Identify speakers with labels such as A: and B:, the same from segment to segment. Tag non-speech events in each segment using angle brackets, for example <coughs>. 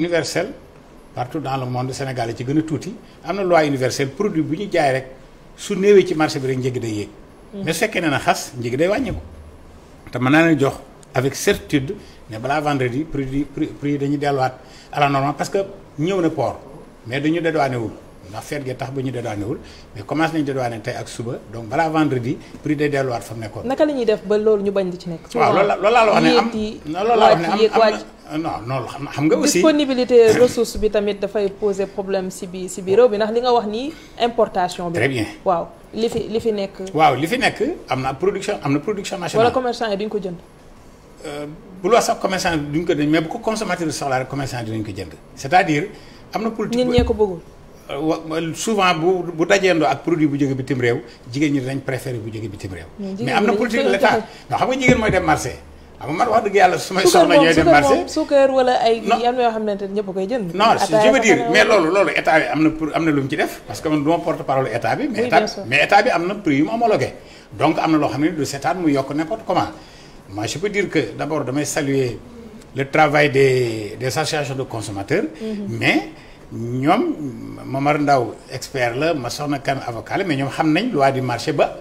A: universelle partout dans le monde Sénégal ci gën a tuuti am na loi universelle produit bu ñu jaay rek su néewee ci marché bi rek njëg day yéeg. Mm-hmm. mais fekkee ne na xas njëg day wàññeeku. te mën naa ne jox avec certitude ne balaa vendredi prix prix dañuy delluwaat à la normale que ñëw na port mais dañu dédouané wul. ndax seet gi tax ba ñu dédouané wul mais commencé nañu dédouané tey ak suba donc balaa vendredi prix day delluwaat fa mu nekkoon.
B: naka la def ba loolu ñu bañ di ci nekk. waaw loolu la la wax ne am yéeg yi
A: xam nga aussi
B: disponibilité <coughs> ressource bi tamit dafay poser problème si bi si biir réew bi ndax li nga wax nii importation bi. très bien waaw li fi li fi nekk.
A: waaw li fi nekk am na production am na production nationale. wala
B: commerçant yi duñ ko jënd.
A: Euh, bul wax sax commerçant duñ ko jënd mais bu ko consommateur soxlaa rek commerçant dinañ ko jënd c'est-à-dire am na politique. ñun souvent bu bu dajeendoo ak produit bu jóge bitim réew jigéen ñi dañ préféré bu jóge bitim réew. mais am na politique l'État ay am na yoo
B: xam ne ñëpp koy jënd non je veux dire mais
A: loolu pour am na lu mu ci def parce na prix yu mu homologué loo xam ne du seetaan mu yokk n'importe que d' abord damay saluer le travail de des associations de consommateurs mm-hmm. mais ñoom ma mar Ndaw expert la ma soxna kan avocat la mais ñoom xam nañ loi du marché ba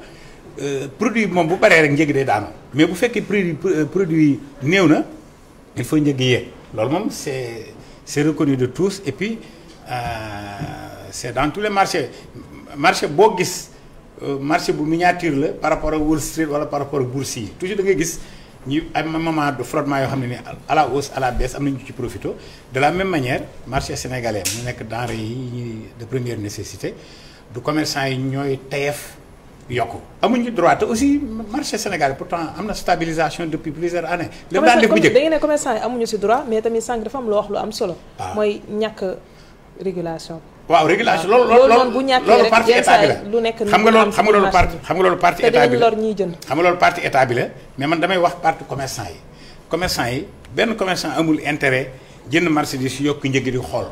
A: euh, produit moom bu baree rek njëg de daanu mais bu fekkee produit produit néew na il faut njëg yee loolu moom c'est c'est reconnu de tous et puis euh, c'est dans tous les marchés marché boo gis euh, marché bu miniature la par rapport ak Wall Street wala par rapport ak bourse yi toujours da ngay gis ñu ay moment de frottement yoo xam ne ni à la hausse à la baisse am nañu ci profito de la même manière marché sénégalais mu nekk denrées yi ñuy de première nécessité du commerçant yi ñooy tayef yokk amuñu droit te aussi marché sénégalais pourtant am na stabilisation depuis plusieurs années. lépp daal def bu njëkk da ngeen
B: ne commerçant yi amuñu si droit mais tamit sànq dafa am lu wax lu am solo. Ah. mooy ñàkk régulation.
A: waaw régulation loolu loolu loolu parti état nekk xam nga loolu xam nga loolu parti xam nga loolu parti état bi la xam nga loolu parti état bi la mais man damay wax parti commerçant yi commerçant yi benn commerçant amul intérêt jënd marchandise yokk njëg di xool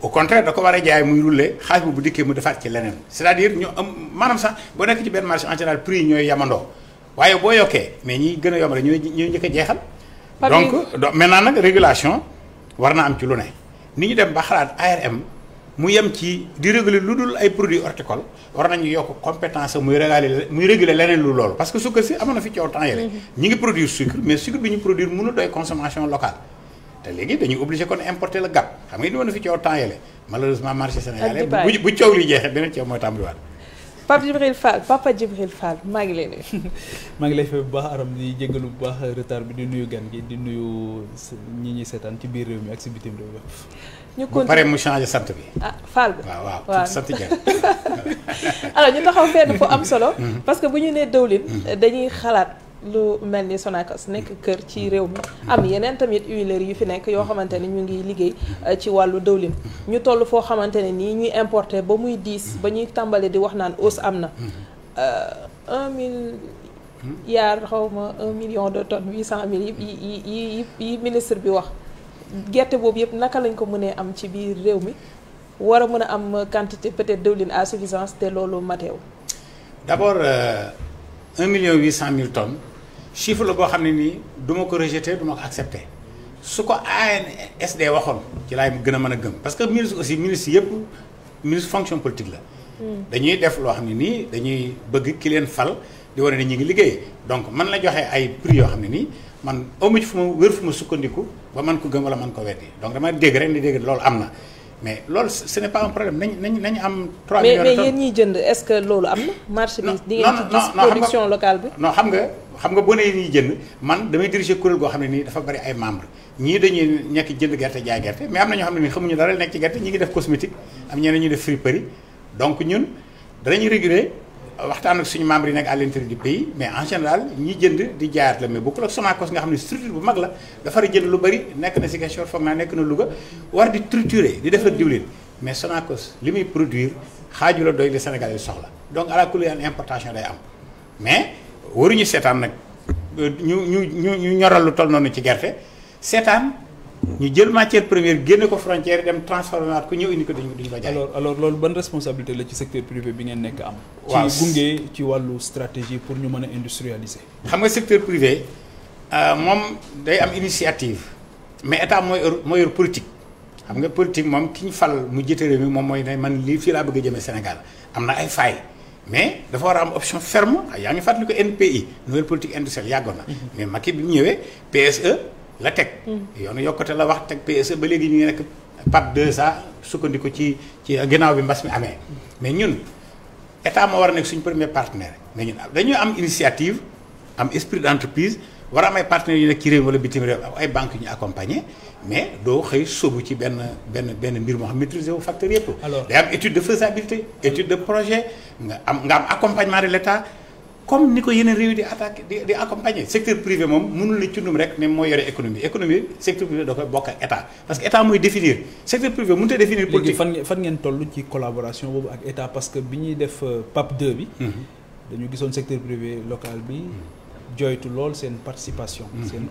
A: au contraire da ko war a jaay muy rulle xaalis bu bu dikkee mu defaat ci leneen c'est-à-dire ñu am maanaam sax boo nekk ci benn marché en général prix yi ñooy yamandoo waaye boo yokkee mais ñi gën a yomb rek ñooy ñooy njëkk a jeexal donc maintenant nag régulation war na am ci lu ne ni ñu dem ba xalaat ARM mu yem ci di réguler lu dul ay produit horticoles war nañu yokk compétence muy régaler muy réguler leneen lu loolu parce que sukkar si amoon na fi coow temps yële mm-hmm. ñi ngi produire sucre mais sucre bi ñu produire mënu doy consommation locale te léegi dañuy obligé kon importer le gap xam nga ni woon na fi coow temps yële beneen coow mooy tàmbaliwaat
B: Papa Djibril Fall maa ngi lay nuyu.
C: <laughs> maa ngi lay fay bu baax aram di jégalu bu baax retard bi di nuyu gan gi di nuyu ñi ñuy seetaan ci biir réew mi ak si bitim réew mi. ñu continué ba pare mu bi.
B: ah Fall bi waaw waaw tuuti <laughs> ñu taxaw fenn fu am solo. Mm-hmm. parce que bu ñu nee dëwlin. Mm-hmm. dañuy xalaat lu mel ni Sonacos nekk kër ci réew mi. Mm-hmm. am yeneen tamit huileries yu fi nekk yoo xamante ne ñu ngi liggéey euh, ci wàllu dëwlin. ñu toll foo xamante ne nii ñuy importer ba muy diis ba ñuy tàmbali di wax naan hausse am na. Euh, un mille. yaar xaw un million de tonnes huit cent mille yi yi yi yi ministre bi wax. gerte boobu yëpp naka lañ ko mënee am ci biir réew mi war a mën a am quantité peut-être dëwlin à suffisance te loolu mateew
A: d'abord euh, un million huit cent mille tonnes chiffre la goo xam ne nii du ma ko rejeter du ma ko accepter su ko ANSD waxoon ci laay gën a mën a gëm parce que ministre aussi ministre yëpp ministre fonction politique la hmm. dañuy def loo xam ne nii dañuy bëgg ki leen fal di wane ne ngi liggéey donc man la joxe ay prix yoo xam ne nii man amu fu ma wér fu ma sukkandiku ba man ko gëm wala man ko weddi donc dama dégg rek ni dégg loolu am na mais loolu ce n'est pas un problème nañ nañ nañu am. 3
B: jënd est-ce que loolu am na. marché bi di ngeen ci gis production
A: locale bi. xam nga xam nga boo nee ñuy jënd man damay diriger kuréel goo xam ne nii dafa bari ay membre ñii dañuy nekk jënd gerte jaay gerte mais am na ñoo xam ne nii xamuñu dara nekk ci gerte ñi ngi def cosmétique am ñeneen ñuy def friperie donc ñun danañu réguler. waxtaan ak suñu membre yi nekk à l'intérieur du pays mais en général ñi jënd di jaayaat la mais bokkul ak Sonacos nga xam ne structure bu mag la dafa jënd lu bëri nekk na Ziguinchor foog naa nekk na Louga war di structurer di defar diwlin mais Sonacos li muy produire xaaju la doy li Sénégal yi soxla donc à la couleur importation day am mais waruñu seetaan nag euh, ñu ñu ñu ñu ñoral lu toll noonu ci gerte seetaan. ñu jël matière première génne
C: ko frontière dem transformé waat ko ñëw indi ko dañu duñu ko jaay. alors responsabilité la ci secteur privé bi ngeen nekk am. waaw gunge ci wàllu stratégie pour ñu mën a industrialiser. xam nga secteur privé
A: euh, moom day am initiative mais état mooy mooy yor politique xam nga politique moom ki ñu fal mu jiite mi moom mooy ne man lii fii laa bëgg a jëmee Sénégal am na ay failles. mais dafa war a am option ferme ah, yaa ngi fàttali ko NPI nouvelle politique industrielle yàggoon na. Mhm. mais Macky bi mu ñëwee PSE. la teg. yoonu yokkute la wax teg PSE ba léegi ñu ngi nekk PAP 2A sukkandiku ci ci ginnaaw bi mbas mi amee mais ñun état moo war a nekk suñu premier partenaire mais ñun dañuy am initiative am esprit d'entreprise. war a am ay partenaires yu nekk ci réew wala bitim réew ay banques ñu accompagner mais doo xëy sóobu ci benn benn benn mbir moo xam maîtriser wu facteur yëpp. alors day am étude de faisabilité étude de projet nga am nga am accompagnement de l'État comme ni ko yeneen réew di attaqué di di accompagner secteur privé moom mënul la cundum rek ne mooy yore économie économie secteur privé da koy bokk ak état parce que état mooy définir secteur privé mënut a définir politique
C: léegi fan ngeen toll ci collaboration boobu ak état parce que bi ñuy def euh, PAP bi mhm. dañu gisoon secteur privé local bi mhm. jooytu lool seen participation mm-hmm. seen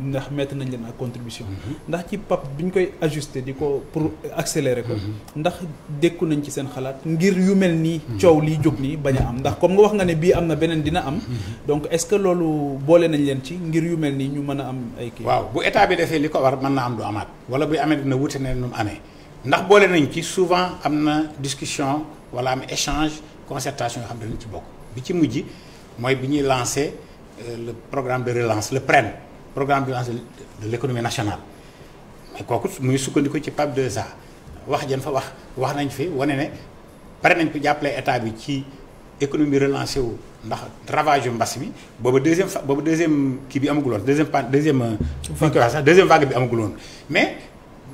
C: ndax mettre nañ leen ak contribution mm-hmm. ndax ci PAP bi ñu koy ajusté di ko pour accélérer ko mm-hmm. ndax dékku nañ ci seen xalaat ngir yu mel nii coow liy jóg nii bañ a am ndax comme nga wax nga ne bii am na beneen dina am donc est-ce que loolu boole nañ leen ci ngir yu mel nii ñu mën a am ay kii waaw bu état bi defee li ko war mën na am du amaat wala buy amee dina wute
A: ne nu mu amee ndax boole nañ ci souvent am na discussion wala am échange concertation yoo xam ne ci bokk bi ci mujj mooy bi ñuy Euh, le programme de relance le PREN programme de relance de l'économie nationale mais kooku muy sukkandiku ci PAP 2A wax jën fa wax wax nañ fi wane ne pare nañ ko jàppale état bi ci économie relancé wu ndax ravage yu mbas mi booba deuxième fa booba deuxième kii bi amaguloon deuxième pan deuxième. fu ñu koy wax sax deuxième vague bi amaguloon mais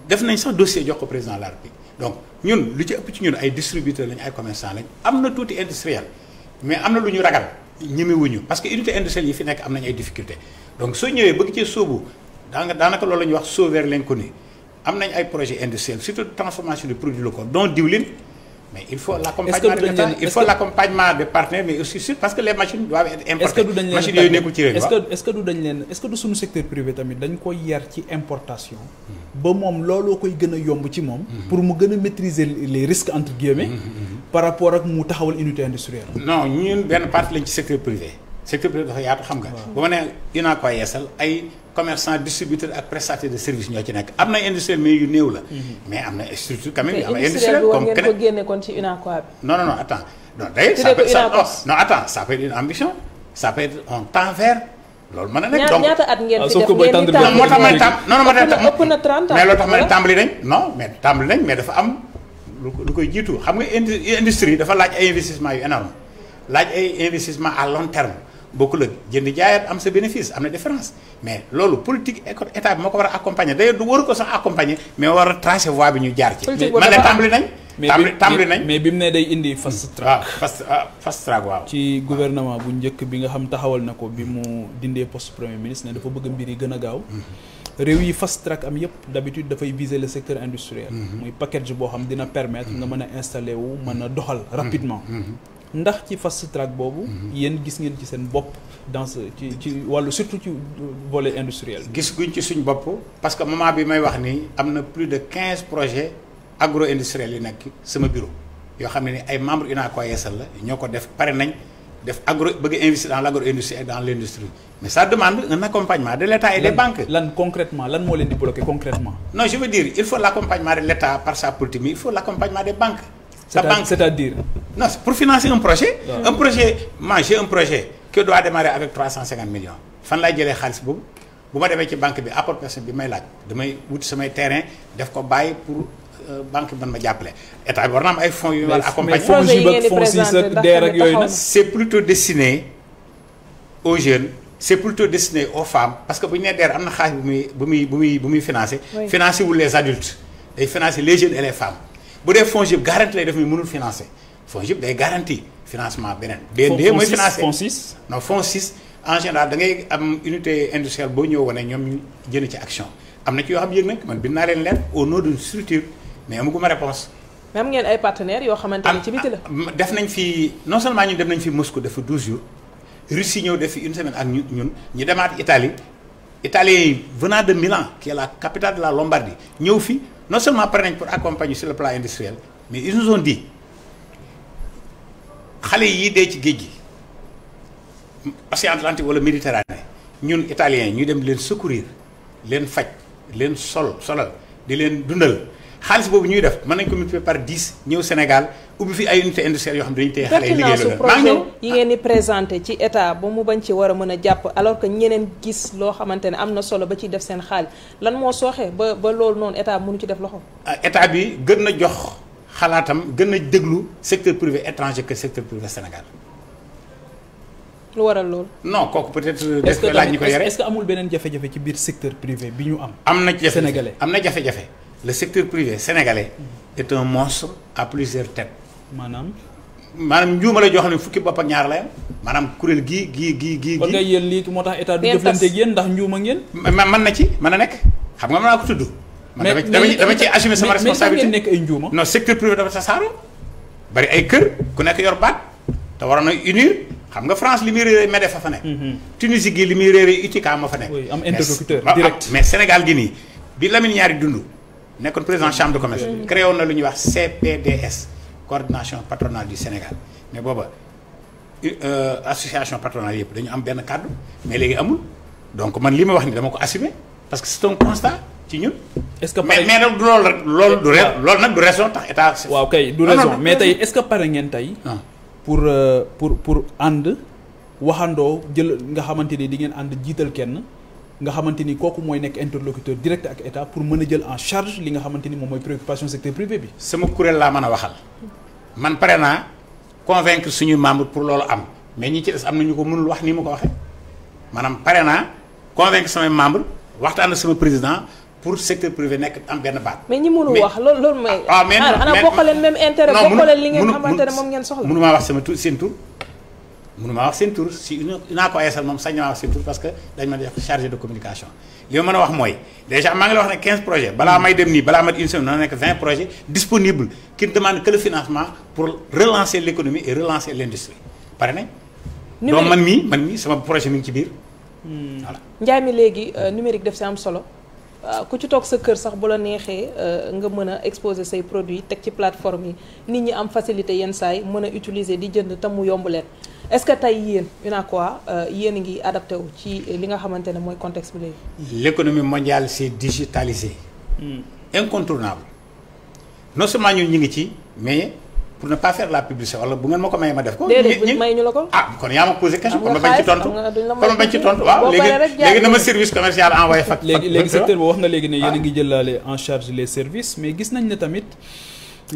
A: def nañ sax dossier jox ko président de la République donc ñun lu ci ëpp ci ñun ay distributeurs lañ ay commerçants lañ am na tuuti industriel mais am na lu ñu ragal. ñemewuñu parce que unité industrielle yi fi nekk am nañ ay difficulté donc soo ñëwee bëgg cee sóobu daanga daanaka loolu wax ñuy wax sauver l'inconnu am nañ ay projet industriel surtout transformation de produits ko dont diwlin mais il faut l'accompagnement de l'État il faut l'accompagnement des mais aussi sûr parce que les machines doivent être importées machines yooyu nekkul ci réew
C: est-ce secteur privé tamit dañ ko yar ci importation hmm. ba moom looloo koy gën a yomb ci moom hmm. pour mu gën a maîtriser les risques entre guillemets hmm, par rapport ak mu taxawal unité industrielle
A: non ñun benn part lañ ci secteur privé secteur privé dafa yaatu xam nga bu ma ne dinaa yeesal commerçant distributeur ak prestataire de service ñoo ci nekk am na industriel mais yu néew la. Mhm. mais am na structure quand même yu am na industriel comme keneen ko
B: génne kon ci oh, loolu ah, moo tax
A: ma ne na 30 ans mais
B: loolu tax ma ne tàmbali
A: nañ non mais tàmbali nañ mais dafa am lu koy jiitu xam nga industrie dafa laaj ay investissement yu énorme laaj ay investissement à long terme bokkul ak jënd jaayaat am sa bénéfice am na différence mais loolu politique état bi moo ko war a accompagner d'ailleurs du waru ko sax accompagner mais war a
C: tracer voie bi ñu jaar ci. man de tàmbali nañ. tàmbali tàmbali nañ mais bi mu ne day indi fast track. waaw fast ah, track ci gouvernement bu njëkk bi nga xam taxawal na ko bi mu dindee poste premier ministre ne dafa bëgg mbir yi gën a gaaw. Mm-hmm. réew yi fast track am yëpp d'habitude dafay viser le secteur industriel. Mm-hmm. muy package boo xam dina permettre nga mën a installer wu mën a doxal rapidement. Mm-hmm. ndax ci fast track boobu. Mhm. yéen gis ngeen ci seen bopp dans ci ci wàllu surtout ci volet industriel.
A: gis guñ ci suñ bopp parce que moment bi may wax nii am na plus de quinze projets agro industriels yi nekk sama bureau yoo xam ne ni ay membres UNACOIS Yeessal la ñoo ko def pare nañ def agro bëgg investir dans l' agro industrie et dans l' mais ça demande un accompagnement de l' et des
C: banques. lan concrètement lan moo leen di bloquer concrètement.
A: non je sa banque c'est-à-dire non pour financer un projet non. un projet moi j'ai un projet qui doit démarrer avec 350 millions fan laay jëlee xaalis boobu bu ma demee ci banque bi apport personne bi may laaj damay wut samay terrain def ko bàyyi pour euh, banque bi man ma jàppale état bi war na am ay fonds yu war accompagner fonds yi fonds six ak yooyu nag c'est plutôt destiné aux jeunes c'est plutôt destiné au femmes parce que bu ñu nee DER am na xaalis bu muy bu muy bu muy bu muy les adultes day financé les jeunes et femmes bu dee FONGIP garantie lay def mais mënul financer FONGIP day garanti financement beneen. BND mooy financer fonds 6 non fonds 6 en général da ngay am unité industrielle boo ñëw wane ñoom ñu jënd ci action am na ci yoo xam yëg nag man bi naa leen leen au nom d'une structure mais amaguma réponse même ngeen ay partenaire yoo xamante ne ci la. def nañ fi non seulement ñun def nañ fi Moscou def fa 12 jours Russie ñëw def fi une semaine ak ñu ñun ñu demaat Italie Italie venant de Milan qui est la capitale de ñëw fi. non seulement pare nañ pour accompagner sur le plan industriel mais ils nous ont xale yii dee ci géej gi Océan Atlantique wala Méditerranée ñun italiens ñuy dem leen secourir leen faj leen sol solal di leen dundal xaalis boobu ñuy def mën nañ ko multiplier par 10 ñëw Sénégal ubbi fi ay unité industrielle yoo xam ne dañu tey xale
B: yi ngeen ni présenté ci état ba mu bañ ci war a mën a jàpp alors que ñeneen gis loo xamante ne am na solo ba ciy def seen xaalis lan moo sooxee ba ba loolu noonu état mënu ci def loxo
A: ah, état bi gën na jox xalaatam gën a déglu secteur privé étranger que secteur privé Sénégal
B: lu waral loolu.
C: non kooku peut-être. est-ce que laaj beneen jafe ci biir secteur privé bi ñu am. am na am na
A: jafe-jafe. le secteur privé sénégalais et un monstre à plusieurs têtes. maanaam. maanaam njuuma la joo ne fukki bopp ak ñaar la maanaam kuréel gii gii gii gii. kon ngay yéen lii moo tax état du jëflante ak yéen ndax njuuma ngeen. man na ci mën na nekk xam nga mën naa ko tudd. mais mais dama ci dama ci assumer sama responsabilité nekk ay njuuma. non secteur privé dafa bari ay kër ku nekk yor baat te waroon a unir xam nga France li muy réeré MEDEF fa fa nekk. Mm-hmm. Tunisie gi li muy réeré UTICA am fa nekk. am interlocuteur direct mais Sénégal gi bi Lamine ñaari dund. nekkoon président chambre de commerce créé woon na lu ñu wax CPDS coordination patronale du Sénégal mais booba euh, association patronale yëpp dañu am benn kàddu mais léegi amul donc man li ma wax ni dama ko assumer parce que c'est un constat ci ñun. est-ce que mais mais nag du loolu rek
C: loolu re loolu nag du raison tax état. waaw kay du raison mais tey est-ce que pare ngeen tey. Ah. pour euh, pour pour ànd waxandoo jël nga xamante ni di ngeen ànd jiital kenn. nga xamante ni kooku mooy nekk interlocuteur direct ak état pour mën a jël en charge li nga xamante ni moom mooy préoccupation secteur privé bi. sama kuréel laa mën a waxal man pare naa convaincre
A: suñuy membre pour loolu am mais ñi am na ñu ko mënul wax nii mu ko waxee maanaam pare naa convaincre samay membre waxtaan ak sama président. pour secteur privé nekk am benn baat. mais ñi mënu
B: wax loolu loolu mooy. ah mais ah, ana bokk leen même intérêt bokk leen li ngeen moom ngeen soxla. mënu maa wax
A: sama tur seen mënuma wax seen tur si naa ko ayesal moom sañ na wax seen parce que dañ ma def chargé de communication li ma a wax mooy déjà maa ngi la wax ne 15 projets balaa may dem nii balaa mat une semaine na nekk 20 projets disponibles qui ne demandent que le financement pour relancer l'économie et relancer l'industrie
C: man
A: mii man mii sama projet mi ngi ci biir.
C: Hmm. voilà
B: njaay mi léegi euh, numérique daf si am solo. Euh, ku ci toog sa kër sax bu la neexee euh, nga mën a exposer say produits teg ci plateforme yi nit ñi am facilité yenn saa mën a utiliser di jënd tam mu yomb est-ce que tey yéen UNACOIS euh, yéen a ngi adapté wu ci li nga xamante ne mooy context bi
A: léegi. l'économie mondiale s'est digitalisée. Hmm. incontournable ngi ci mais pour ne pas faire la publicité wala bu ngeen ma
B: léegi
A: na ma service commercial envoyé. fa léegi secteur
C: bi wax nga léegi ne yéen ah. ngi jëlaale en charge les service mais gis nañ ne tamit.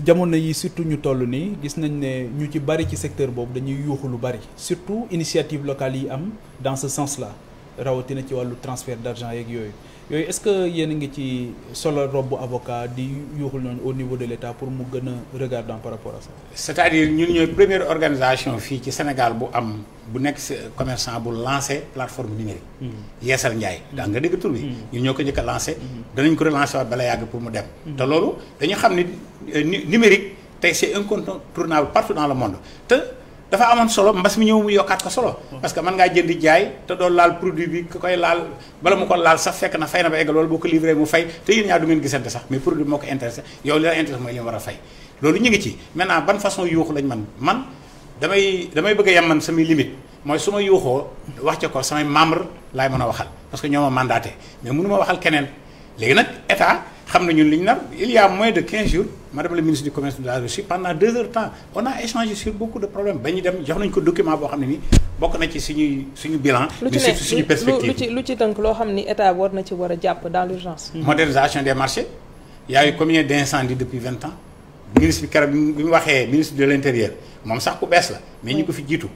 C: jamono yi surtout ñu toll nii gis nañ ne ñu ci bari ci secteur boobu dañuy yuuxu lu bari surtout initiative locale yi am dans ce sens la rawatina ci wàllu transfert d'argent yeeg yooyu yooyu est-ce que yéen a ngi ci solo robbu avocat di yuuxul noonu au niveau de l'État pour mu gën a regardant par rapport à ça.
A: c'est-à-dire ñun ñooy première organisation fii ci Sénégal bu am bu nekk commerçant bu lancé plateforme numérique. Mm-hmm. Yeesal Njaay. Mm-hmm. daa nga dégg tur bi. Mm-hmm. ñun ñoo ko njëkk a lancé. danañ ko relancer waat bala yàgg pour mu dem. te loolu dañu xam ni euh, numérique tey c'est incontournable partout dans le monde dafa amoon solo mbas mi ñëw mu yokkaat ko solo. parce que mën ngaa jënd jaay te doo laal produit bi ku koy laal bala mu ko laal sax fekk na fay na ba egg loolu boo ko a fay. loolu ñu ngi ci maintenant ban façon yuuxu lañ man man damay damay bëgg a yem man samay limite mooy su ma yuuxoo wax ca ko samay membre laay mën a waxal parce que ñoo ma mandaté mais mënu ma waxal keneen léegi nag état xam na ñu li ñu nar il y moins de 15 jours. madame la ministre du commerce de la Russie pendant deux heures temps on a échangé sur beaucoup de problèmes ba ñu dem jox nañ ko document boo xam ne ni bokk na ci suñuy suñu bilan. lu ci
B: lu loo xam ni état war na ci war a jàpp dans l'urgence mm-hmm.
A: modernisation des marchés y a eu combien depuis vingt ans ministre bi keroog bi mu waxee ministre de l'intérieur moom sax ku bees la mais ñu ko fi jiitu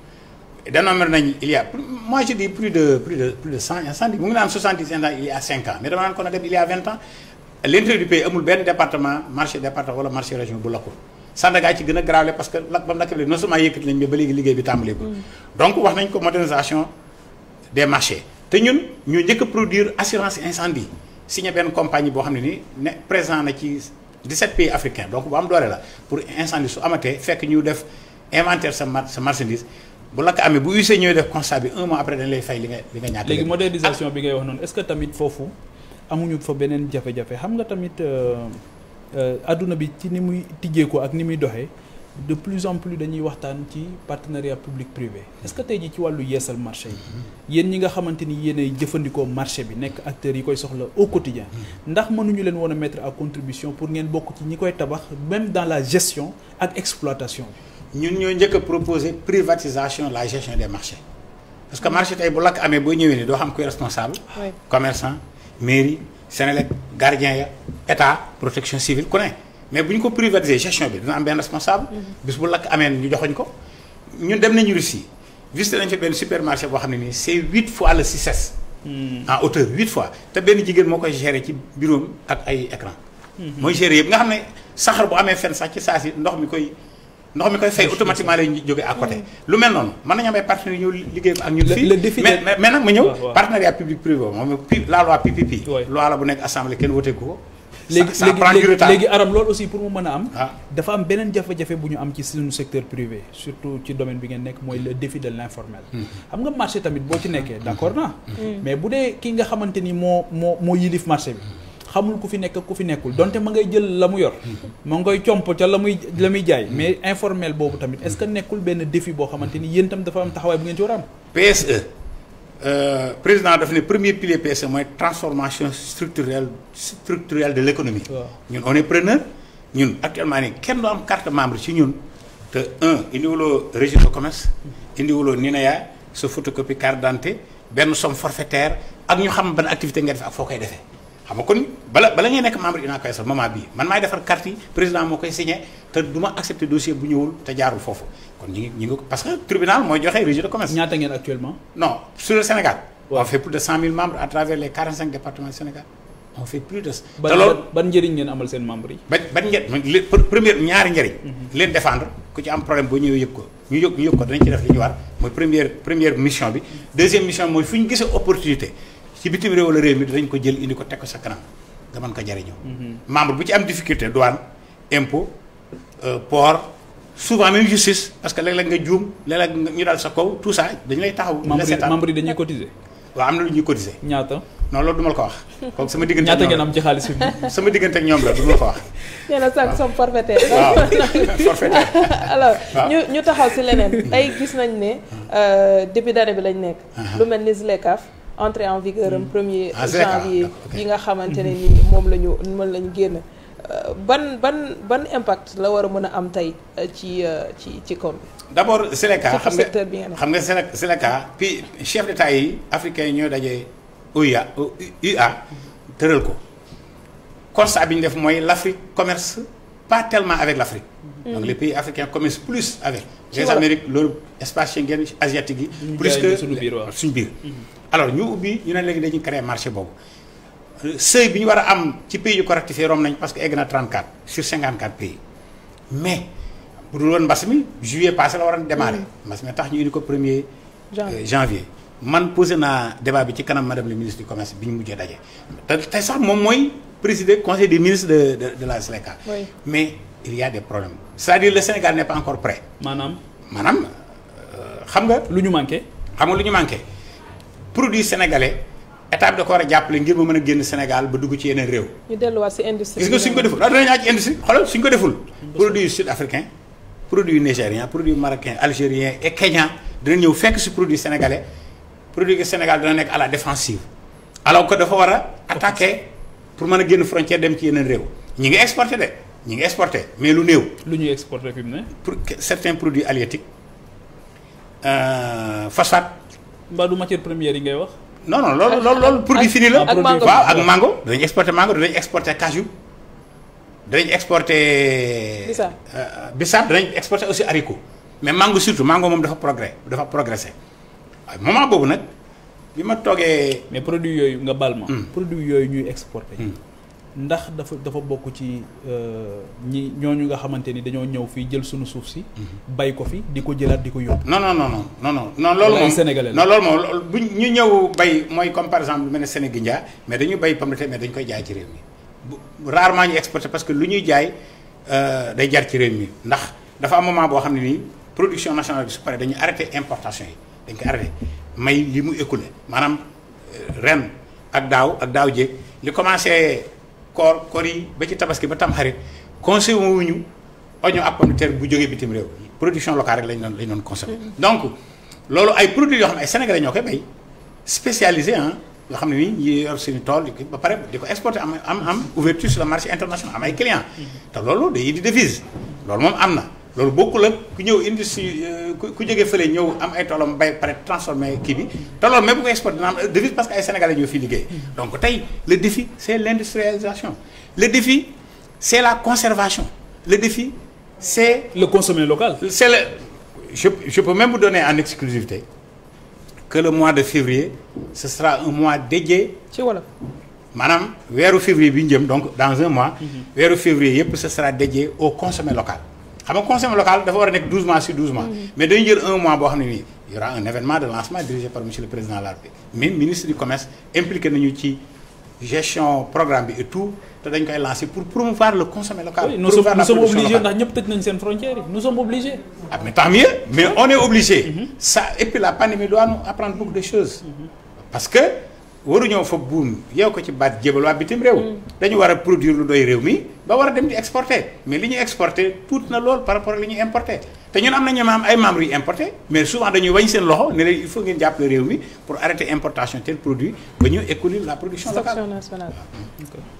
A: dénombré nañ il y a moi plus de plus à l'intérieur du pays amul benn département marché département wala marché région bu la lakkul Sandaga ci gën a grave parce que lakk ba mu lakk non seulement yëkkati liggéey bi tàmbaleegul. Mm. donc wax nañ ko modernisation des marché te ñun ñu njëkk a produire assurance incendie signé benn compagnie boo xam ne nii ne présent na ci 17 pays africains donc bu am doole la pour incendie su amatee fekk ñu def inventaire sa mar sa
C: marchandise. bu lakk amee bu UC ñooy def constat bi un nga wax noonu est que tamit foofu. amuñu fa beneen jafe-jafe xam nga tamit euh, euh, adduna bi ci ni muy tijjeeku ak ni muy doxee de plus en plus dañuy waxtaan ci partenariat public privé est-ce que tey jii ci wàllu yeesal marché yi mm-hmm. yéen ñi nga xamante ni yéenay jëfandikoo marché bi nekk acteurs yi koy soxla au quotidien mm-hmm. ndax mënuñu leen woon a mettre à contribution pour ngeen bokk ci ñi koy tabax même dans la gestion ak exploitation bi ñun ñoo njëkk a proposer
A: privatisation la gestion des marchés parce que mm-hmm. marché tey bu lakk amee boo ñëwee ni doo xam commerçant mairie Sénélec gardien ya état protection civile ku ne mais bu ñu ko privatiser gestion bi dina am benn responsable. Mhm. bis bu lakk amee ñu joxoñ ko. ñu dem nañu Russie visité nañ fa benn supermarché boo xam ne nii c'est huit fois la le CICES. Hmm. en hauteur huit fois te benn jigéen moo koy gérer ci bureau ak ay écran mhm. mooy gérer yëpp nga xam ne saxar bu amee fenn sax ci saa si ndox mi koy. ndox mi koy fay automatiquement lay jóge à côté lu mel noonu mën nañu am ay partenaires yu liggéey ak ñun fii mais mais ma ñëw partenariat public privé moom la loi PPP loi la bu nekk assemblée kenn wote ko léegi léegi
C: loolu aussi pour mu mën a am ah. dafa am beneen jafe-jafe bu ñu am ci suñu secteur privé surtout ci domaine bi ngeen nekk mooy le défi de l'informel hmm. xam nga marché tamit boo ci nekkee hmm. d'accord na hmm. mais bu dee ki nga xamante ni moo moo moo yilif marché bi xamul ku fi nekk ku fi nekkul donte ma ngay jël la mu yor ma ngay comp ca la muy la muy jaay mais informel boobu tamit est-ce que nekkul benn défi boo xamante ni yéen tam dafa am taxawaay bu ngeen ci war PSE euh, président daf ne premier
A: pilier PSE mooy transformation structurelle structurelle de l'économie ñun on est preneur ñun actuellement ni kenn du am carte membre ci ñun te un indiwuloo registre de commerce indiwuloo NINEA sa photocopie carte d'identité benn somme forfaitaire ak ñu xam ban activité nga def ak foo koy defee xam nga kon bala bala ngay nekk membre Union Kayor Sol moment bii man maay defar carte président moo koy signé te du ma dossier bu ñëwul te jaarul foofu kon ñu ngi ñu ngi ngeen actuellement. non sur le Sénégal. waaw on fait plus de 100000 membres à travers les 45 départements du Sénégal on fait plus de. te
C: loolu ngeen
A: amal seen membres yi. ban ban njëriñ première ñaari njëriñ. Mhm. leen défendre ku ci am problème boo ñëwee yëg ko ñu yëg ñu yëg ko danañ ci def li ñu war mooy première première mission bi mhm. deuxième mission mooy fu ñu gisee opportunité. ci bitim réew wala réew mi dañ ko jël indi ko teg ko sa kanam nga mën ko jariñoo mhm. membre bu ci am difficulté douane impôt euh, port souvent même justice parce que léeg-léeg nga juum léeg-léeg ñu daal sa kaw tout ça dañu lay taxaw. la seetaan membre yi dañuy cotiser. waaw am na lu ñuy cotiser. ñaata. non loolu du ma ko wax. kooku sama diggante ñaata ngeen am ci xaalis bi. <laughs> sama diggante ak ñoom la du ko wax.
B: <laughs> nee na sànq som
A: <laughs>
B: ñu ñu taxaw si leneen. tey gis nañ ne euh, début d'année bi lañ nekk. Uh-huh. lu mel ni ZLECAf. entrée en vigueur am hmm. premier ah, janvier ah, yi nga xamante hmm. ni moom la ñu mën lañ génn euh, ban ban ban impact la war a mën a am tey euh, euh, ci ci ci kon
A: d'abord Seleka xam nga xam nga Seleka puis chef d'État yi africain yi ñoo dajee UA UA tëral ko constat bi ñu def mooy l'Afrique commerce pas tellement avec l'Afrique hmm. donc les pays africains commercent plus avec les Amériques loolu espace Schengen asiatique yi plus suñu biir alors ñu ubbi ñu ne léegi dañuy créer marché boobu seuil bi ñu war a am ci pays yu ko ratifié nañ parce que egg na 34 sur 54 pays mais bu dul woon mbas mi juillet passé la waroon démarrer mm. mbas mi tax ñu indi ko premier euh, janvier man posé naa débat bi ci kanam madame le ministre du commerce bi ñu mujjee daje te tey sax moom mooy présider conseil des ministres de de de la Sénégal. Oui. mais il y a des c'est-à-dire le Sénégal n'est pas encore prêt.
C: maanaam maanaam
A: euh, xam nga. lu ñu manqué. xam lu ñu manqué. produit sénégalais état bi da ko war a jàppale ngir mu mën a génn Sénégal ba dugg ci yeneen réew.
B: ñu delluwaat si industrie gis nga suñ ko deful waaw ah, dinañu ci
A: industrie xoolal suñ ko deful. produit sud africain produit nigérien produit marocain fekk si produit sénégalais produit Sénégal dana nekk à la défensive alors que dafa war a attaquer pour mën a génn frontière dem ci yeneen réew ñi ngi exporté de ñi ngi exporté mais lu néew. lu ñu exporté fi mu ne. pour certains produits halieutiques euh, phosphate. mbaa du matière première yi ngay wax. non non loolu loolu loolu produit fini la. ak mango waaw ak mango. danañ exporter mango danañ exporter cajou. danañ exporter. bisaab euh, bisaab danañ aussi ariko mais mango surtout mango moom
C: dafa progrès dafa progressé waaye moment boobu nag bi ma toogee. mais produit yooyu nga baal ma. Hmm. produit yooyu ñuy exporter. Hmm. ndax dafa dafa bokk ci euh, ñi ñooñu nga xamante ni dañoo ñëw fii jël suñu suuf si. Mhm. bay ko fi di ko jëlaat di ko yóbbu. non non noonu non non non loolu moom sénégalais non loolu moom
A: bu ñu ñëw bay mooy comme par exemple lu mel ne Sénégindia mais dañu bay pomme de terre mais dañu koy jaay ci réew mi bu rarement ñu exporté parce que lu ñuy jaay euh, day jar ci réew mi ndax dafa am moment boo xam ne nii production nationale bi su paree dañu arrêté importation yi dañ ko arrêté may li mu écoulé maanaam euh, ren ak daaw ak daaw jéeg li commencé. koor koor yi ba ci tabaski ba tam xarit consommé wuñu oignon ak pomme de terre bu jógee bitim réew production locale rek lañ doon lañ doon consommé mm-hmm. donc loolu ay produits yoo xam ne ay sénégalais ñoo koy bay spécialisé ah yoo xam ne nii ñi yor seen tool ba pare di ko exporté am am am ouverture sur le marché international am ay clients mm-hmm. te loolu day indi devise loolu moom am na loolu bokkul ak ku ñëw industrie euh, ku jógee fële ñëw am ay toolam bay pare transformé kii bi te loolu même bu ko exporté dina am euh, devise parce que ay sénégalais ñoo fi liggéey donc tey le défi c' est l' industrialisation le défi c' est la conservation le défi c' est le consommer local c' est le je je peux même vous donner en exclusivité que le mois de février ce sera un mois dédié ci wala manaam weeru février bi ñu jëm donc dans un mois mhm. weeru février yëpp ce sera au consommer xam nga conseil local dafa war a nekk 12 mois sur 12 mois. Mm-hmm. mais dañu jël un mois boo xam ne nii y aura un événement de lancement dirigé par monsieur le président de la mais ministre du commerce impliqué nañu ci. gestion programme bi et tout te dañ koy lancer pour promouvoir le consommer local. nous sommes, obligés
C: ndax ñëpp tëj nañ seen frontière yi nous sommes obligés. ah mais tant mais on est
A: obligé. Mm -hmm. ça et puis la pandémie doit nous apprendre beaucoup de choses. Mm -hmm. parce waruñoo fa buum yow ko ci baat jébal waa bitim réew. Mm. dañu war a produire lu doy réew mi ba war a dem di exporter mais li ñu exporter tuuti na lool par rapport ak li ñuy importer te ñun am na ñu am ay membres yu importer mais souvent dañuy wañ seen loxo ne leen il faut ngeen jàppale réew mi pour arrêter importation tel produit ba ñu écouler la production
C: locale.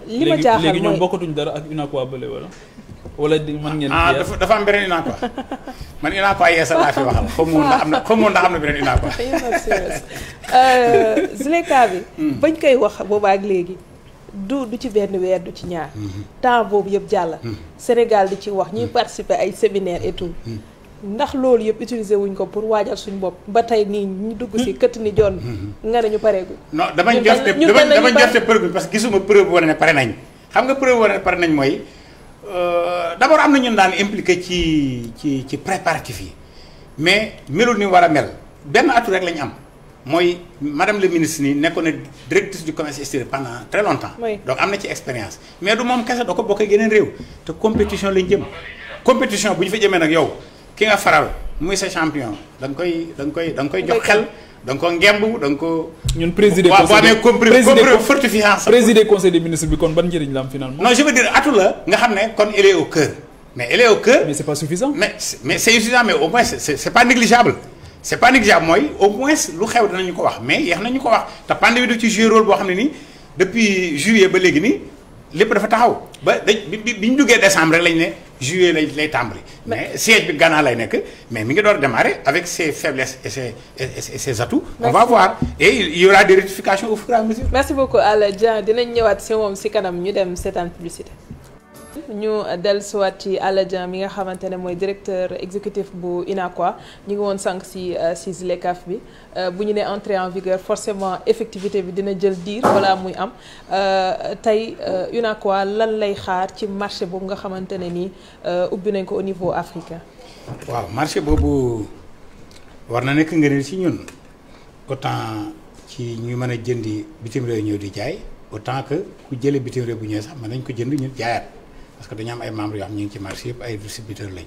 B: li ma léegi ñoom
C: bokkatuñ dara ak UNACOIS bële wala. wala di mën ngeen. ah dafa dafa am beneen UNACOIS <laughs> man UNACOIS yeesal laa fi waxal. waaw xamu woon ndax am na xamu woon ndax am na beneen UNACOIS.
B: <laughs> Euh, Zuleyka bi. Hmm. bañ koy wax boobaak léegi. du du ci benn weer du ci ñaar. Hmm. temps boobu yëpp jàll. Hmm. Sénégal di ci wax ñuy participer ay séminaire et tout. ndax loolu yëpp utiliser wuñ ko pour waajal suñu bopp ba tey nii ñu dugg si këtt ni jon nga ne ñu pareegu. non damañ jot te
A: damañ jot te preuve bi parce que gisuma preuve bu wane ne pare nañ. xam nga preuve bu nañ mooy. Euh, d'abord am na ñun daan impliqué ci ci ci préparatif yi mais melul ni war a mel benn atu rek la ñu am mooy madame le ministre nii nekkoon na directrice du commerce extérieur pendant très longtemps. Oui. donc am na ci expérience mais du moom kese da ko bokk ak yeneen réew te compétition lañ jëm compétition bu ñu fa jëmee nag yow ki nga faral muy sa champion da nga koy da nga koy danga koy jox xel. da nga ko ngemb da nga ko. ñun présider conseil waaw boo amee comprimé comprimé
C: fortifiant. présider conseil des bi kon ban njëriñ la am
A: mais il est au cœur. mais mooy au moins lu xew ñu ko wax mais yeex nañu ko wax te pandémie bi daf ci joué rôle boo xam ne nii depuis juillet ba léegi nii lépp dafa taxaw ba dañ bi bi ñu duggee décembre lañ ne. juillet lay lay tàmbali. mais siège bi Ghana lay nekk mais mi ngi door démarrer avec ses faiblesses et ses et ses atouts. on va voir il y des rectifications au fur et
B: merci beaucoup Alla Dieng dinañ ñëwaat si moom si kanam ñu dem seetaan publicité. ñu dellusiwaat ci Alla Dieng mi nga xamante ne mooy directeur exécutif bu UNACOIS ñu ngi woon sànq si euh, si ZLECAf bi euh, bu ñu nee entrée en vigueur forcément effectivité bi dina jël diir wala muy am euh, tey UNACOIS lan lay xaar ci marché boobu nga xamante ne nii ubbi nañ ko au niveau africain.
A: waaw marché boobu war na nekk ngëneel si ñun autant ci ñu mën a jëndi bitim réew ñëw di jaay autant que ku jële bitim réew bu ñëwee sax mën nañ ko jënd ñu jaayaat. parce que dañu am ay membres yoo xam ñu ngi ci marché yëpp ay distributeurs lañ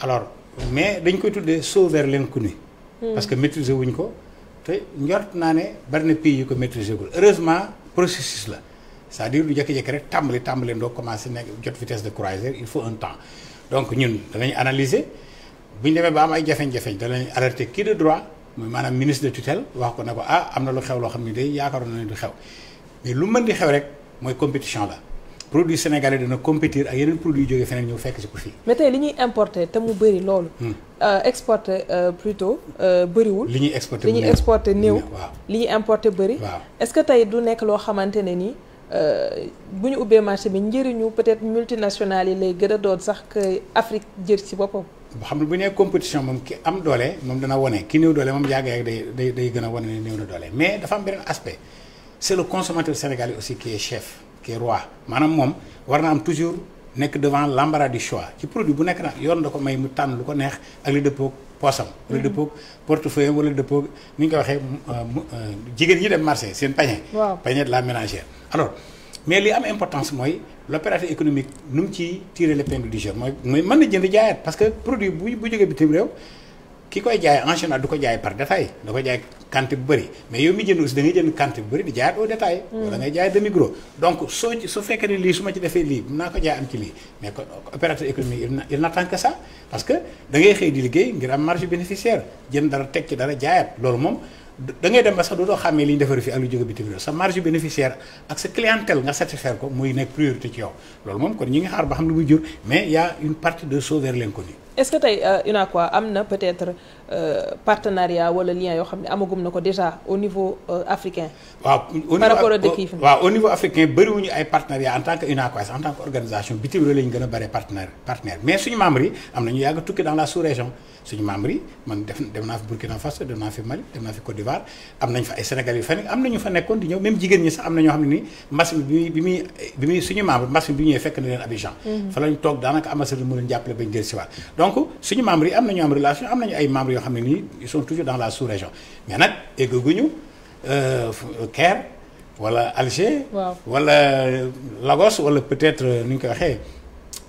A: alors mais dañ koy tuddee sauver leen ku ni hmm. parce que maîtriser wuñ ko te njort naa ne bari na pays yu ko maîtriser gul heureusement processus la c'est-à-dire du jékki-jékki rek tàmbali tàmbali doo commencé nekk jot vitesse de croisière il faut un temps donc ñun danañ analyser bu ñu demee ba am ay jafeñ-jafeñ danañ alerte kii de droit mooy maanaam ministre de tutelle wax ko ne ko ah am na xew loo xam ne day yaakaaroon na ne du xew mais lu mën di xew rek mooy compétition la produit sénégalais dina compétir ak yeneen produit jógee feneen ñëw fekk si ko fii.
B: mais tey li ñuy importer te mu bëri loolu. Hmm. Euh, exporter euh, plutôt euh, bëriwul.
A: li ñuy exporter néew li ñuy exporter néew.
B: li ñuy importer bëri. est-ce que tey du nekk loo xamante ne nii bu ñu ubbee marché bi njëriñu peut-être multinationales yi lay gën a doon sax que Afrique jër ci boppam.
A: xam nga bu ñu nee compétition moom ki am doole moom dana wone ki néew doole moom yàgg yàgg day day gën a wane ne néew na doole mais dafa am beneen aspect c'est le consommateur sénégalais aussi qui chef. qui est roi maanaam moom war na am toujours nekk devant l'embarras du choix ci produit bu nekk nag yoon da may mu tànn lu ko neex ak li dëppoog poosam wala mm-hmm. dëppoog portefeuille wala dëppoog ni ko waxee euh, euh, jigéen ñi dem marché seen panier panier de la ménagère alors mais li am importance mooy l'opérateur économique nu mu ci tirer l'épingle du jeu mooy mooy mën na jënd jaayaat parce que produit bu bu jógee bitim réew ki koy jaay en du ko jaay par détail da koy jaay quantité bu bëri mais yow mi jënd aussi da ngay jënd quantité bu bëri di jaayaat au détail hmm. wala ngay jaay demi donc soo ci su fekkee ne lii su ma ci defee lii mën naa ko jaay am ci lii mais opérateur économique il n'attend que ça parce que da ngay xëy di liggéey ngir am marge bénéficiaire jënd dara teg ci dara jaayaat loolu moom da ngay dem ba sax dootoo xàmmee li ñu defar fii ak lu jóge bitim réew sa marge loolu moom kon ñi ngi xaar ba xam lu muy a une partie de
B: est-ce que tey euh, UNACOIS am na peut-être euh, partenariat wala lien yoo xam ne amagum na ko déjà au niveau euh, africain.
A: waaw au niveau par rapport ak dëkk yi waaw au niveau africain bëriwuñu ay partenariat en tant que UNACOIS en tant que organisation bitim réew la gën a bëree partenaire partenaire mais suñu membres yi am na ñu yàgg tukki dans la sous-région. suñu membres yi man def dem naa fi Burkina Faso dem naa fi Mali dem naa fi Côte d'Ivoire am nañ fa ay Sénégal yu fa nekk am nañu fa nekkoon di ñëw même jigéen ñi sax am na ñoo xam ne ni mbas mi bi bi muy bi muy suñu membre mbas mi bi ñëwee fekk na leen Abidjan mhm. fa lañ toog daanaka ambassadeur mu leen jàppale bañ jël si waat donc suñu membres yi am nañu am relation am nañu ay membres yoo xam ne nii ils sont toujours dans la sous-région mais nag eggaguñu euh, Caire wala Alger wala Lagos wala peut-être euh, ni ñu koy waxee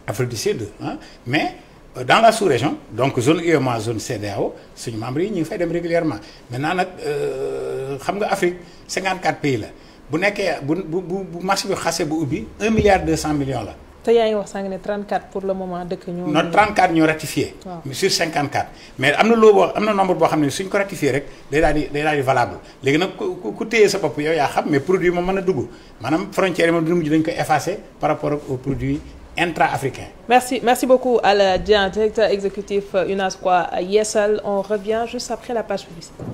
A: Afrique du Sud ah mais Euh, dans la sous-région donc zone UEMOA zone CEDEAO suñu membres yi ñu ngi fay dem régulièrement maintenant nag euh, xam nga Afrique 54 pays la bu nekkee bu bu bu marché bi bu ubbi 1 milliard 200 millions la.
B: te yaa ngi wax sànq ne 34 pour le moment dëkk ñoo. non
A: 34 ñoo ratifié. mais am na loo boo am na nombre boo xam ne suñ ko ratifié rek day daal di day daal di valable léegi nag ku ku téye sa bopp yow yaa xam a par rapport au intra-africain.
B: Merci, merci beaucoup Alla Dieng, directeur exécutif euh, UNAS-Croix Yessal. On revient juste après la page publicitaire.